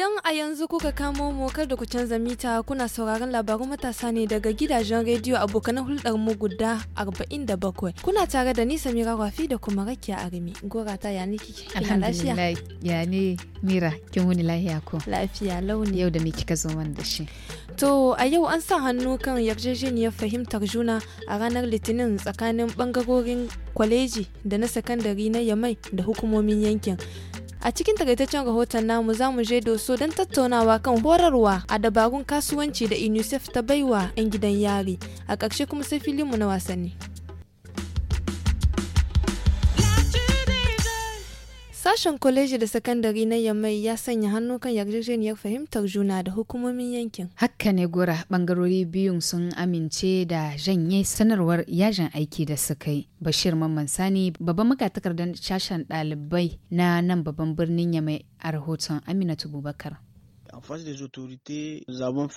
Idan a yanzu kuka kamo mu kar da ku canza mita kuna sauraron labarun matasa ne daga gidajen rediyo abokan hulɗar mu guda 47. Kuna tare da ni Samira Rafi da kuma Rakiya Arimi. Gora ta ya niki lafiya? ya ne Mira kin wuni lafiya ko? Lafiya launi. Yau da me kika zo man da shi? To a yau an sa hannu kan yarjejeniyar fahimtar juna a ranar Litinin tsakanin bangarorin kwaleji da na sakandare na Yamai da hukumomin yankin. A cikin takaitaccen rahoton namu za mu je doso don tattaunawa kan horarwa a dabarun kasuwanci da UNICEF ta baiwa 'yan gidan yari. A ƙarshe kuma sai filinmu na wasanni. Sashen kwaleji da sakandare na Yamai ya sanya hannu kan yarjejeniyar fahimtar juna da hukumomin yankin. Haka ne gora bangarori biyun sun amince da janye sanarwar yajin aiki da suka yi. Bashir Mamman Sani babban magatakardar sashen ɗalibai na nan babban birnin Yamai a rahoton Aminatu Bubakar.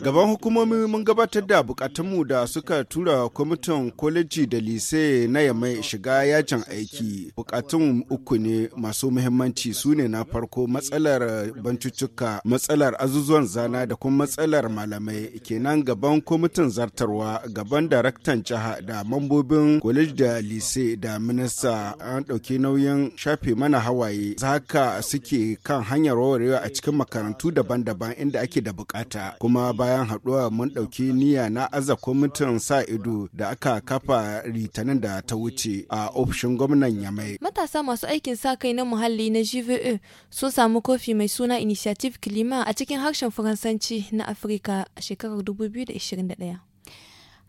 Gaban hukumomi mun gabatar da bukatunmu da suka tura kwamitin koleji da lise na yamai shiga yajin aiki. Bukatun uku ne masu muhimmanci su ne na farko matsalar bancuccuka, matsalar azuzuwan zana da kuma matsalar malamai. Kenan gaban kwamitin zartarwa, gaban daraktan jiha da mambobin koleji da lise da minista an ɗauki nauyin shafe mana hawaye. Zaka suke kan hanyar warewa a cikin makarantu daban-daban inda ake da bukata kuma bayan haɗuwa mun ɗauki niyya na aza kwamitin sa ido da aka kafa ritanin da ta wuce a ofishin gwamnan yamai matasa masu aikin sa kai na muhalli na gve sun samu kofi mai suna initiative clima a cikin harshen faransanci na afirka a shekarar 2021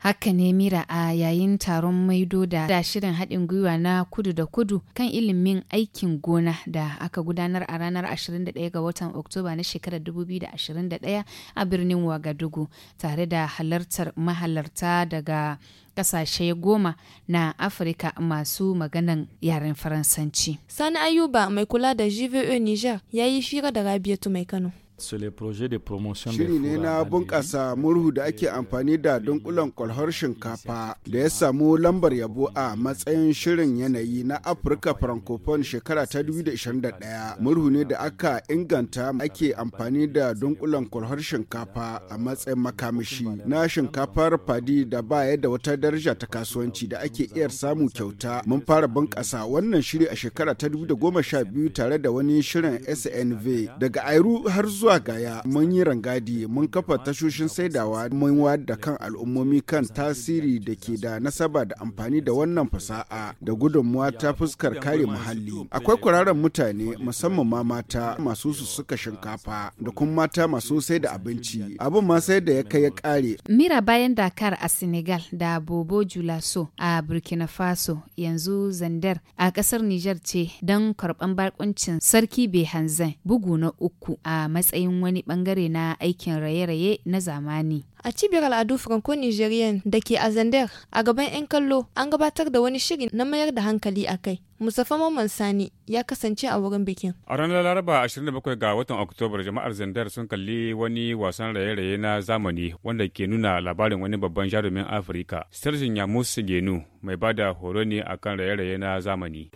Haka ne Mira a yayin taron maido da shirin haɗin gwiwa na kudu da kudu kan ilimin aikin gona da aka gudanar a ranar 21 ga watan Oktoba na shekarar 2021 a birnin Wagadugu tare da halartar mahalarta daga kasashe goma na Afirka masu maganan yaren Faransanci. Sani Ayuba mai kula da GVO e Niger ya yi shira da Rabiatu mai Kano. Shiri ne na bunƙasa murhu da ake amfani da dunkulan kwalhar shinkafa da ya samu lambar yabo a matsayin shirin yanayi na Afirka Francophone shekara ta 2021. Murhu ne da aka inganta ake amfani da dunkulan kwalhar shinkafa a matsayin makamashi na shinkafar fadi da baya da wata daraja ta kasuwanci da ake iya samu kyauta. Mun fara bunƙasa wannan shiri a shekara ta 2012 tare da wani shirin SNV daga Airu har zuwa zuwa gaya mun yi rangadi mun kafa tashoshin saidawa mun da kan al'ummomi kan tasiri da ke da nasaba da amfani da wannan fasa'a da gudunmuwa ta fuskar kare muhalli. Akwai kuraren mutane musamman ma mata masu su suka shinkafa da kuma mata masu sai da abinci. Abin ma sai da ya kai ya kare. Mira bayan Dakar a Senegal da Bobo Julaso a Burkina Faso yanzu Zandar a kasar niger ce don karɓan barkuncin Sarki Behanzan bugu na uku a matsayin matsayin wani bangare na aikin raye-raye na zamani. A cibiyar al'adu Franco-Nigerian da ke a Zander a gaban 'yan kallo an gabatar da wani shiri na mayar da hankali a kai. Musafa Mamman Sani ya kasance a wurin bikin. A ranar Laraba 27 ga watan Oktobar jama'ar Zandar sun kalli wani wasan raye-raye na zamani wanda ke nuna labarin wani babban jarumin Afirka. Sirjin Yamus Genu mai ba da horo ne akan raye-raye na zamani.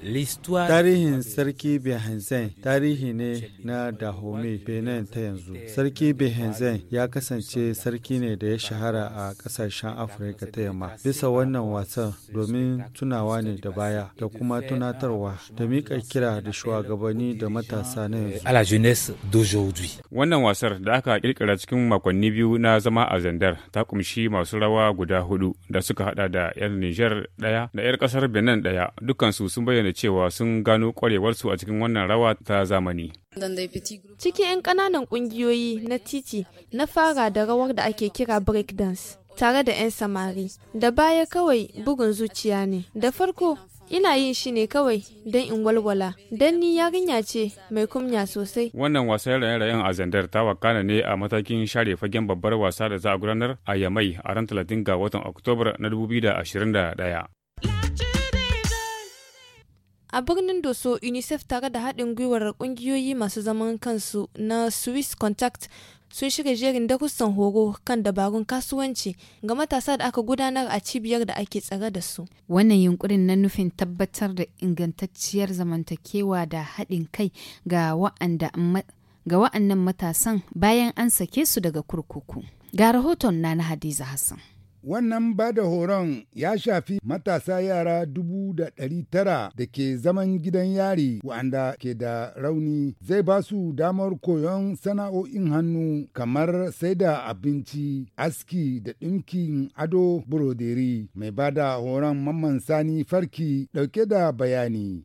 Tarihin Sarki Behenzen tarihi ne na Dahomey Benin ta yanzu. Sarki Behenzen ya kasance sarki ne da ya shahara a kasashen Afirka ta yamma. Bisa wannan wasan domin tunawa ne da baya da kuma tunatar tunatarwa da mika kira da shugabanni da matasa na yanzu. Wannan wasar da aka kirkira cikin makonni biyu na zama a Zandar ta kumshi masu rawa guda hudu da suka hada da 'yan Nijar ɗaya da 'yar ƙasar Benin ɗaya dukansu sun bayyana cewa sun gano ƙwarewarsu a cikin wannan rawa ta zamani. Cikin 'yan ƙananan ƙungiyoyi na titi na fara da rawar da ake kira breakdance. tare da 'yan samari da baya kawai bugun zuciya ne da farko Ina yin shi ne kawai don in walwala, don ni yarinya ce mai kumya sosai. Wannan wasan raye-rayen a Zandar ta wakana ne a matakin share fagen babbar wasa da za a gudanar a Yamai a ran 30 ga watan Oktobar na 2021. A birnin Doso, UNICEF tare da haɗin gwiwar ƙungiyoyi masu zaman kansu na Swiss Contact sun shirya jerin darussan horo kan dabarun kasuwanci ga matasa da aka gudanar a cibiyar da ake tsare da su. Wannan yunkurin na nufin tabbatar da ingantacciyar zamantakewa da haɗin kai ga wa'annan matasan bayan an sake su daga kurkuku. Ga rahoton na na Hadiza Hassan. Wannan ba da horon ya shafi matasa yara dubu da ɗari tara da ke zaman gidan yari wa'anda ke da rauni zai ba su damar koyon sana'o'in hannu kamar sai da abinci, aski da ɗinkin ado buroderi mai ba da horon mamman sani farki ɗauke da bayani.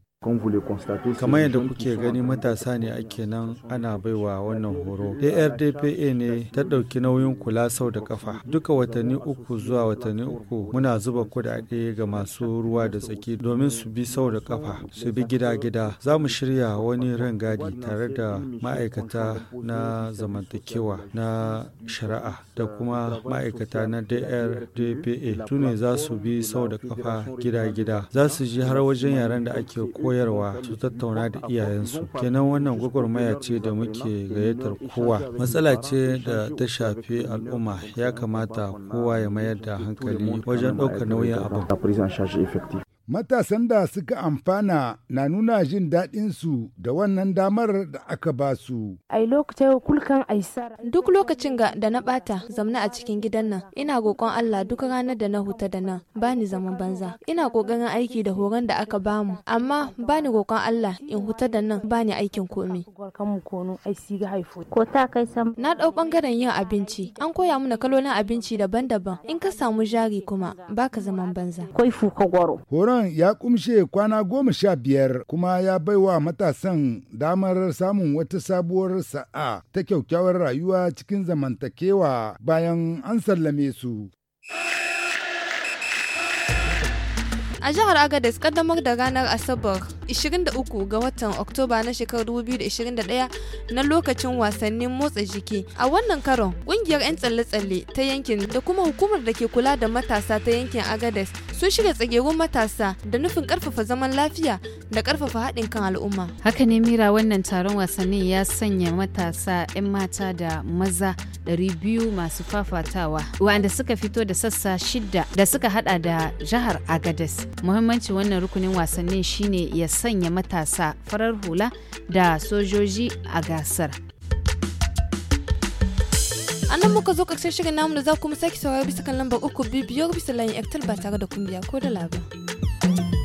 kamar yadda kuke gani matasa ne ake nan ana baiwa wannan horo ardpa ne ta ɗauki nauyin kula sau da kafa duka watanni uku zuwa watanni uku muna zuba kuɗaɗe ga masu ruwa da tsaki domin su bi sau da kafa su bi gida-gida za mu shirya wani rangadi tare da ma'aikata na zamantakewa na shari'a da euh, kuma ma'aikata na drdpa su ne za su bi sau da kafa gida-gida za su ji har wajen yaren da ake koya koyarwa su tattauna da iyayensu kenan wannan gwagwarmaya ce da muke gayyatar kowa matsala ce da ta shafi al'umma ya kamata kowa ya mayar da hankali wajen ɗaukar nauyin abin Matasan da suka amfana na nuna jin daɗinsu da wannan damar da aka ba su. Duk lokacin ga da na ɓata zamna a cikin gidan nan, ina roƙon Allah duk ranar da na huta da nan, ba ni zaman banza. Ina ƙoƙarin aiki da horon da aka ba mu, amma ba ni roƙon Allah in huta da nan ba ni aikin komi. Na ɗau ɓangaren yin abinci, an koya mana kalolin abinci daban-daban, in ka samu jari kuma ba ka zaman banza. Horon Horon ya kumshe kwana goma sha biyar kuma ya baiwa matasan damar samun wata sabuwar sa'a ta kyaukyawar rayuwa cikin zamantakewa bayan an sallame su. A jihar Agadez kaddamar da ranar Asabar 23 ga watan Oktoba na shekarar 2021 na lokacin wasannin motsa jiki. A wannan karon, kungiyar 'yan tsalle-tsalle ta yankin da kuma hukumar da ke kula da matasa ta yankin Agadez sun shiga tsagegun matasa da nufin karfafa zaman lafiya da karfafa haɗin kan al'umma. Haka ne mira wannan taron wasannin ya sanya matasa 'yan mata da maza 200 masu fafatawa wanda suka fito da sassa shidda da suka hada da jihar Agadez. muhimmanci wannan rukunin wasannin shine ya sanya matasa farar hula da sojoji a gasar. a nan muka zo ƙarshen shirin namu da za ku kuma sake saurari bisa kan lambar uku biyu biyar bisa layin ektar ba tare da kumbiya ko da labar.